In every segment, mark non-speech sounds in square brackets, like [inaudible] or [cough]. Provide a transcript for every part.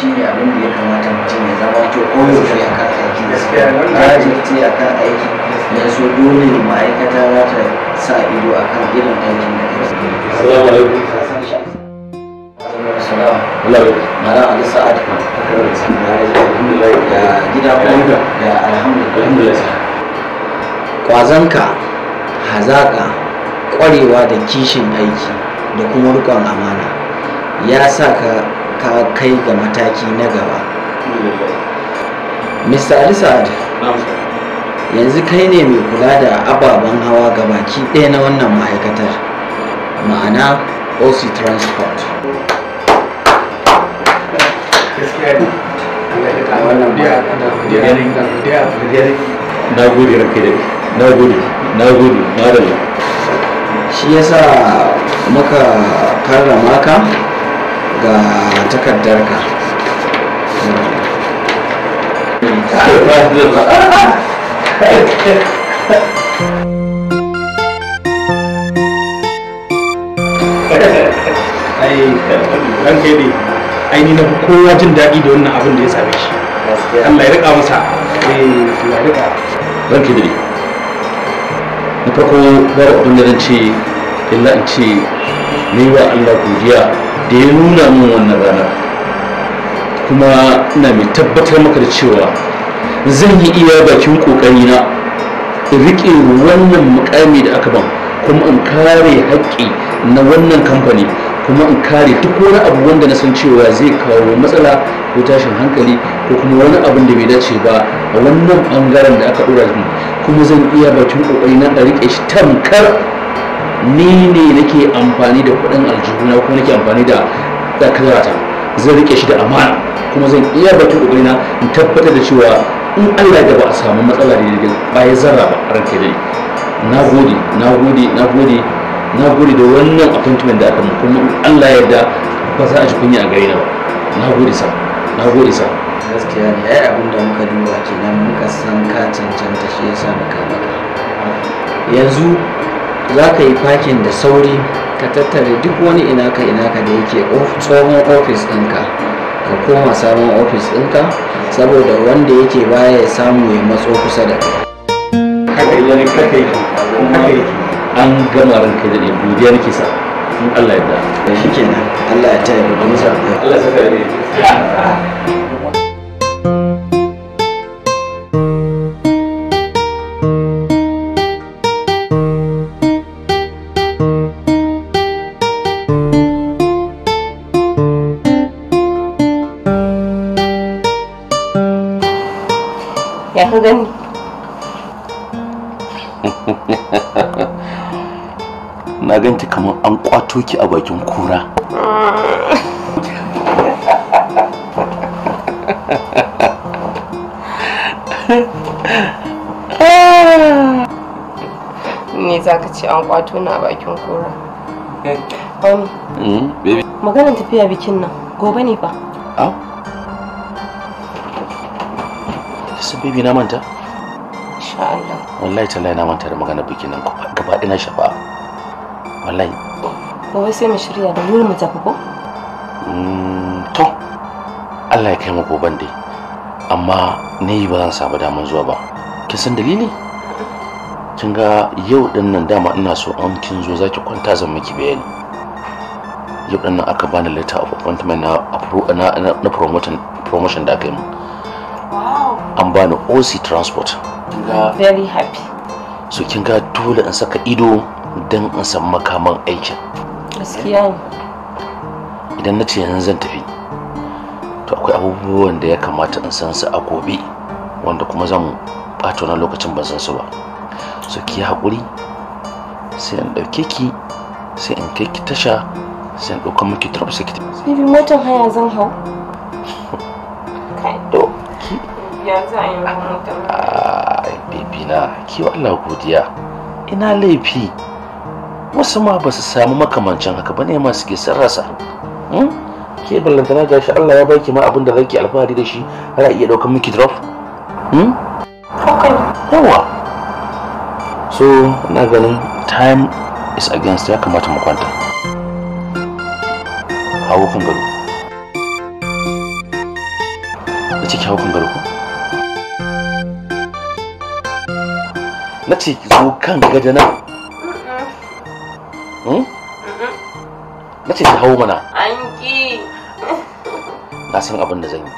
shi ne abin da ya kamata mutum ya zama to koyaushe a kan aiki jirti a kan aiki ya so dole ma'aikata za ta sa ido a kan irin aikin da kake Mara Ali Sa'ad da gida kuma da alhamdulillah. Kwazanka, hazaƙa, ƙwarewa da kishin aiki da kuma rukon amana ya sa ka ka kai ga mataki na gaba mr ali sa'ad yanzu kai ne mai kula da ababen hawa ga baki ɗaya na wannan ma'aikatar ma'ana oc transport na gode na gode na gode na shi yasa muka karrama ka ga takardar ka ranka ne aini na kowa jin daɗi da wannan abin da ya same shi Allah ya rika masa eh, ya ranka ne na farko bar abin da ce illa in ce ne wa Allah godiya da ya nuna min wannan rana kuma ina mai tabbatar maka da cewa zan yi iya bakin ƙoƙarina in riƙe wannan mukami da aka ban kuma in kare haƙƙi na wannan kamfani kuma in kare duk wani abu wanda na san cewa zai kawo matsala ko tashin hankali ko kuma wani abin da bai dace ba a wannan bangaren da aka ɗora kuma zan iya bakin na a riƙe shi tamkar ni ne nake amfani da kuɗin aljihuna ko nake amfani da dakarata zai rike shi da amana kuma zan iya batu da na in tabbatar da cewa in Allah da ba a samu matsala da ba ya zarra ba a ranke dai na gode na gode da wannan appointment da aka mu kuma in Allah ya yarda ba za a ji kunya a gare na ba na gode sa na sa gaskiya ne ai abin da muka duba kenan muka san ka cancanta shi yasa muka maka yanzu za ka yi fakin da sauri ka tattare duk wani inaka inaka da yake tsohon ofis ɗinka ka koma sabon ofis ɗinka saboda wanda yake baya ya samu ya matso kusa da an gama ranka da ne godiya kisa sa in Allah ya da shi kenan Allah ya taya da musa Allah ya saka ne ka gani na ganta kamar an kwato ki a bakin kura Ni za ka ce an kwato na bakin kura eh. um, hmm, maganin tafiya bikin nan gobe ne ba bibi na manta insha Allah wallahi tallahi na manta da magana biki nan gaba ina shafa wallahi ba wai sai mu shirya da wuri mu tafi ko mm, to Allah ya kai mu goban dai amma yi ba zan samu daman zuwa ba kin san dalili kin ga yau din nan dama ina so an kin zo zaki kwanta zan miki bayani yau din nan aka bani letter of appointment na na promotion promotion da aka yi mu an bani oc transport very happy so kin ga dole in saka ido don in san makaman aikin gaskiya idan na ce yanzu zan tafi to akwai abubuwan da ya kamata in san su a gobe wanda kuma zan bata wani lokacin ban san su ba so ki haƙuri sai in ɗauke ki sai in kai ki tasha sai in ɗauka miki turab sai ki tafi motar haya zan hau ya za bibi na ki Allah godiya ina laifi wasu ma ba su samu makamancin haka ba ne ma suke sarrasa hmm? ke ballantana gashi Allah ya baki ma abin da zaki alfahari da shi har a iya daukar miki drop hmm? yawa so na ganin time is against ya kamata mu kwanta hawo kan gado ciki hawo gado ko Nace ce ki zo kan gada nan hmm? na ce ki hau mana an ki na san abin da zan yi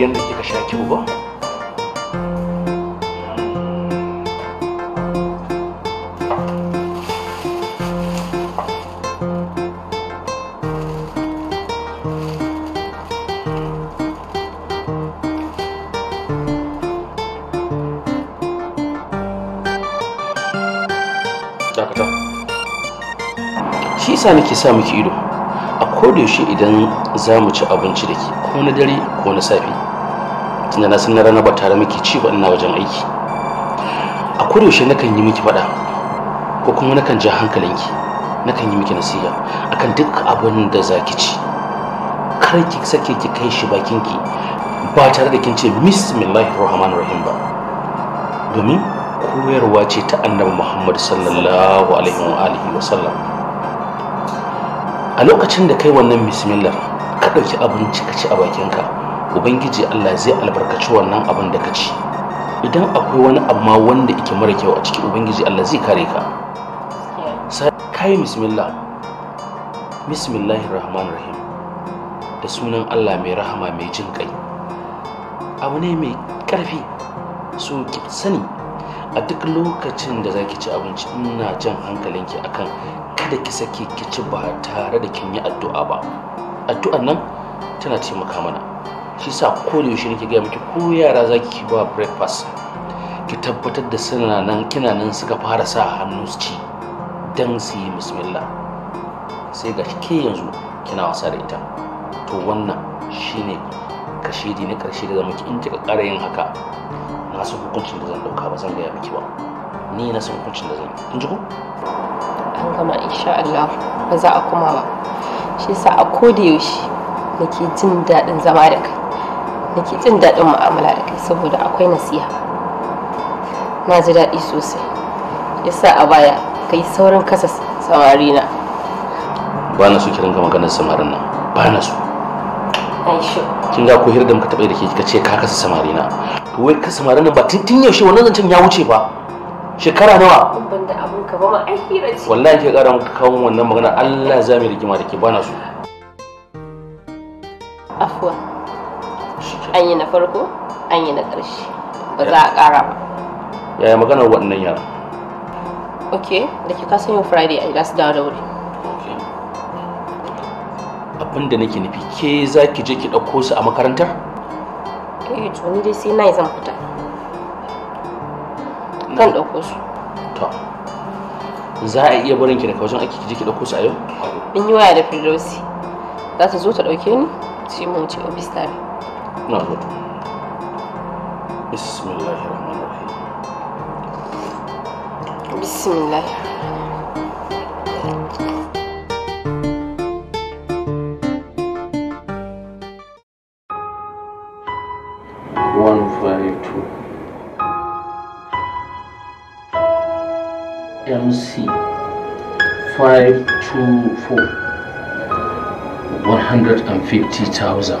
yadda kika sha kyau ba shi yasa nake sa miki ido a kodayaushe idan zamu ci abinci da ke ko na dare ko na safe tunda na san rana ba tare muke ci ba ina wajen aiki a yaushe nakan yi miki faɗa ko kuma nakan ji hankalinki nakan yi miki nasiha akan duk abin da za ki ci kar ki sake ki kai shi bakinki ba tare da kin ce bismillahir rahmanir rahim ba domin koyarwa ce ta annabi muhammad sallallahu alaihi wa alihi wa sallam a lokacin da kai wannan bismillah ka ɗauki abinci ka ci a bakinka ubangiji allah zai albarkaci wannan abin da ka ci idan akwai wani abu ma wanda yake mara kyau a cikin ubangiji allah zai kare ka kai bismillah bismillahi rahman rahim da sunan allah mai rahama mai jin kai abu ne mai karfi so ki sani a duk lokacin da zaki ci abinci ina jan hankalinki akan kada ki sake ki ci ba tare da kin yi addu'a ba addu'an nan tana taimaka mana shi sa ko da yaushe nake gaya miki ko yara za ki ba breakfast ki tabbatar da suna nan kina nan suka fara sa hannu su ci dan su yi bismillah sai ga ke yanzu kina wasa da ita to wannan shine kashidi na karshe da zama in kika ƙara yin haka na san hukuncin da zan dauka ba zan gaya miki ba ni na san hukuncin da zan yi kin ji ko an gama insha Allah ba za a kuma ba shi sa a koda yaushe nake jin daɗin zama da kai nake jin daɗin mu'amala da kai saboda akwai nasiha na ji daɗi sosai yasa a baya ka yi saurin kasa samari na ba na so ki ringa maganar samarin nan ba na so kin ga ko hira da muka taɓa da ke ka ce ka kasa samari na to wai ka samarin nan ba tun yaushe wannan zancen ya wuce ba shekara nawa ban abun ka ba ma wallahi ke ƙara muka kawo wannan magana Allah za mu rigima da ke ba na so afuwa an yi na farko an yi na ƙarshe ba za a ƙara ba yaya maganar waɗannan yara ok da ke kasan yau friday a gasu dawo da wuri abin da nake nufi ke za ki je ki ɗauko su a makarantar eh to ni dai sai na yi zan fita kan ɗauko su to za a iya barin ki da kawajen aiki ki je ki ɗauko su a yau in yi waya da firdausi za ta zo ta ɗauke ni sai mu wuce ofis tare না হতো বিসমিল্লাহ রহমান রহিম বিসমিল্লাহ One five two MC five two four one hundred and fifty thousand.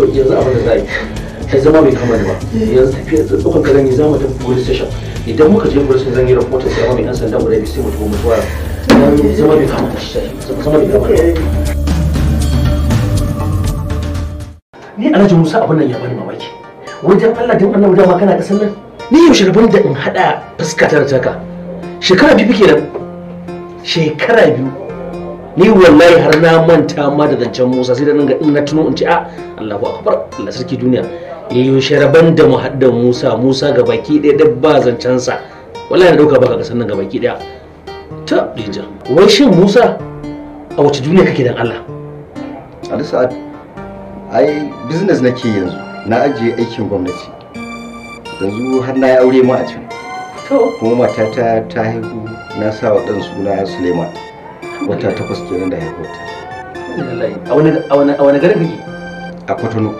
to yanzu abin da zai ta zama bai kama ba yanzu tafiya da tsokar karen ne zamu tafi police station idan muka je police zan yi rahoto sai amma mai yan sanda guda biyu sai mu tafi mutuwa zama bai kama shi zama bai kama ni alhaji musa abin nan ya bani mamaki wajen allah din annabi dama kana da nan ni yaushe rabon da in hada fuska ta da taka shekara biyu kenan shekara biyu ni wallahi har na manta ma da zancen musa sai da nan ga in na tuno in ce a ah, allahu akbar allah sarki duniya eh, yayo sharaban da hadda musa musa ga baki ɗaya da ba zancen sa wallahi na dauka baka ga sannan ga baki ɗaya ta dija wai shin musa a wace duniya kake dan allah A da sa'ad ai business nake yanzu na ajiye aikin gwamnati yanzu har na yi aure ma a can kuma matata ta haihu na sa wa dan suna suleiman wata takwas kenan da haihuwarta a wani garin kake a kwatano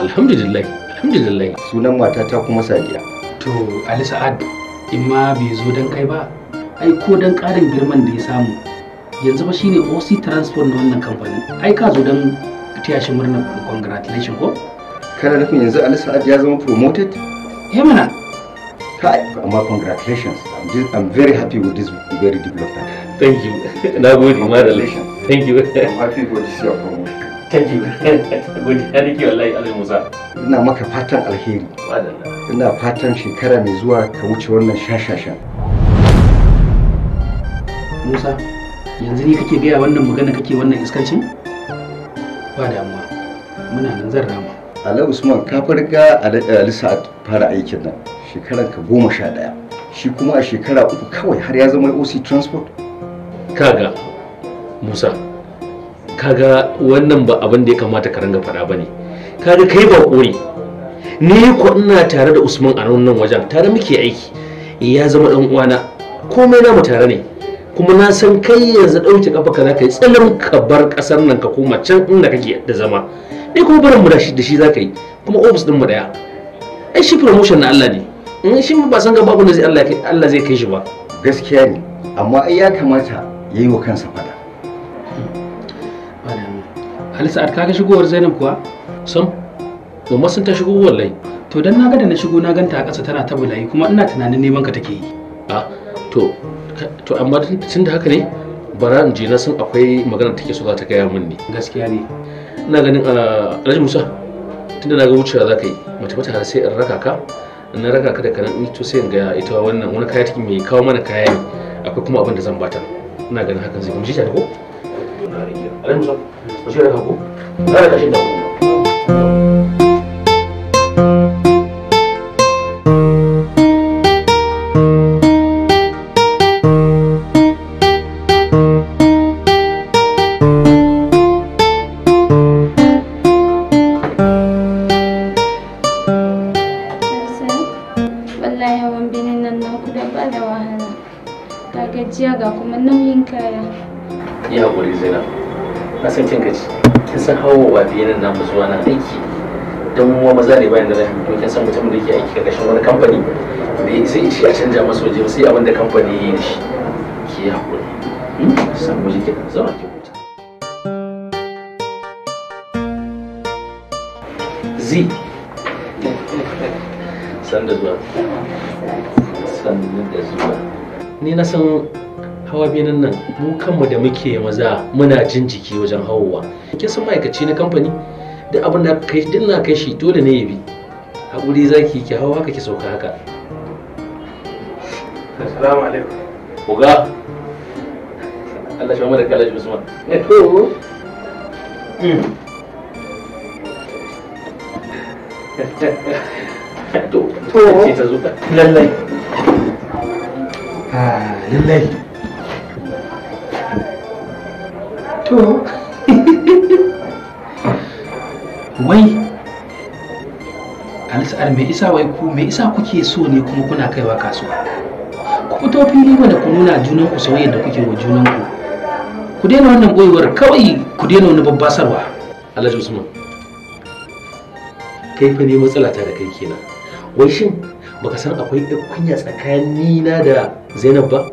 alhamdulillah alhamdulillah sunan matata kuma sadiya to ali sa'ad in ma bai zo dan kai ba ai ko dan ƙarin girman da ya samu yanzu ba shine oc transport na wannan kamfani ai ka zo don taya shi murnar congratulation ko kana nufin yanzu ali sa'ad ya zama promoted Ya eh, mana kai amma congratulations I'm, I'm very happy with this very development Thank you. [laughs] Na gode, Madalla. Thank you. I'm happy to see your promotion. Thank you. [laughs] Godiya nake wallahi Alhaji Musa. Ina maka fatan alheri. Madalla. Ina fatan shekara mai zuwa ka wuce wannan shashashan. Musa, yanzu ni kake gaya wannan magana kake wannan iskancin? Ba damuwa. Muna nan zan rama. Ala Usman ka farga Ali Sa'ad fara aikin nan ka goma sha ɗaya. Shi kuma a shekara uku kawai har ya zama OC Transport. kaga musa kaga wannan ba abin da ya kamata ka ranga faɗa ba ne kaga kai ba ne ni ko ina tare da usman a nan wajen tare muke aiki e, ya zama ɗan uwana komai na mu tare ne kuma na san kai yanzu dauke kafa kana ka yi tsalin ka bar ƙasar nan ka koma can inda kake da zama ni kuma barin mu da shi da shi zaka yi kuma ofis din mu daya ai shi promotion na Allah ne in shi ba san ga babu da zai Allah zai kai shi ba gaskiya ne amma ai ya kamata ya yi wa kansa fada halisa a kaga shigowar zainab kuwa sam mamma sun ta shigo wallahi to dan na ga da na shigo na ganta a ƙasa tana ta bulayi kuma ina tunanin neman ka take yi a to to amma tun da haka ne bara in je na san akwai magana take so za ta gaya min ne gaskiya ne ina ganin alhaji musa tunda na ga wucewa za ka yi mace mata sai in raka ka na raka ka da kanan to sai in ga ita wannan wani kaya take mai kawo mana kaya ne akwai kuma abin da zan bata ina ganin hakan zai kuma shi ta ko? Alhamdulillah, shi da da banza bayan da zai haɗu kin san mutumin da yake aiki karkashin wani kamfani me sai ce a canja masa waje sai abin da kamfani ya yi shi ki haƙuri hmm? san waje ki zama ki huta zi san da zuwa san da zuwa ni na san hawa binin nan mu kanmu da muke maza muna jin jiki wajen hawowa kin san ma'aikaci na kamfani duk abin da kai din na kai shi dole ne ya bi hakuri zaki ki hawa haka ki sauka haka assalamu alaikum uga Allah shi da kalaji Usman eh to to to ta zuka lallai ah lallai to wai alisa'ar mai isa wai ku mai isa kuke so ne kuma kuna kaiwa kasuwa ku fito fili mana ku nuna junan ku da kuke wa junan ku ku daina wannan boyewar kawai ku daina wani babbasarwa alhaji usman kai fa ne matsala ta da kai kenan wai shin baka san akwai ɗan kunya tsakanina da zainab ba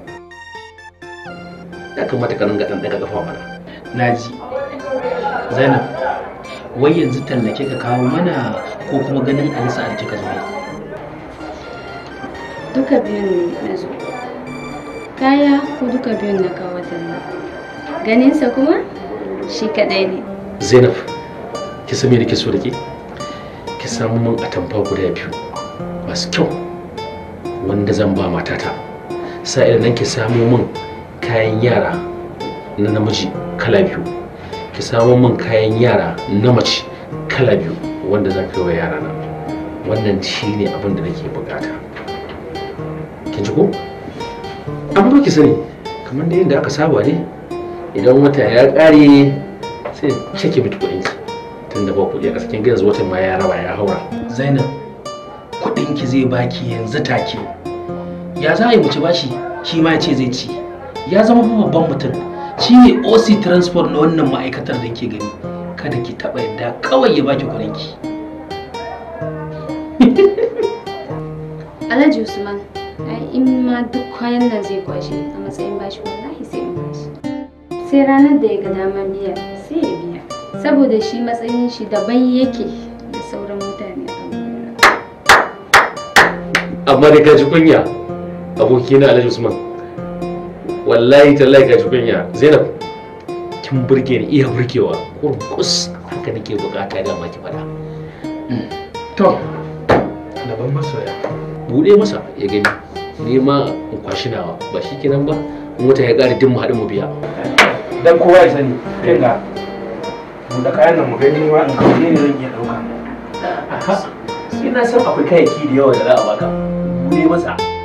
ya kamata ka ringa ɗan daga kafa mana naji zainab wai yanzu tallake ka kawo mana ko kuma ganin alisa a kika zo duka biyun na zo kaya ko duka biyun na kawo talla ganinsa kuma shi kadai ne zainab ki sami me nake so da ke ki samu man atamfa guda biyu masu kyau wanda zan ba matata sa'ilin nan ki samu man kayan yara na namiji kala biyu ki samo min kayan yara na mace kala biyu wanda za ka yi wa yara na wannan shi ne abin da nake bukata kin ji ko amma ki sani kamar da yadda aka saba ne idan wata ya kare sai cike miki kuɗin ki tunda ba kuɗi a kin zuwa watan ma ya raba ya haura zainab kuɗin ki zai baki yanzu take ya za a yi mace bashi shi ma ya ce zai ci ya zama babban mutum shi ne oc transport na wannan ma'aikatar da ke gani kada ki taɓa yadda kawai ya baki kuɗinki alhaji usman in ma duk kwayan nan zai kwashe a matsayin bashi wallahi sai in bashi sai ranar da ya ga damar biya sai ya biya saboda shi matsayin shi daban yake da sauran mutane amma da kaji kunya abokina alhaji usman wallahi tallahi ka ji kunya zainab kin burge ni iya burgewa kurkus haka nake bukata da maki fada mm. to laban masoya bude masa ya gani ni ma in kwashi nawa ba shi kenan ba mota ya kare din mu haɗin mu biya dan kowa ya sani kinga mun da kayan nan mu gani ma in kawo ne zan iya dauka ina san akwai kayayyaki da yawa da za a baka bude masa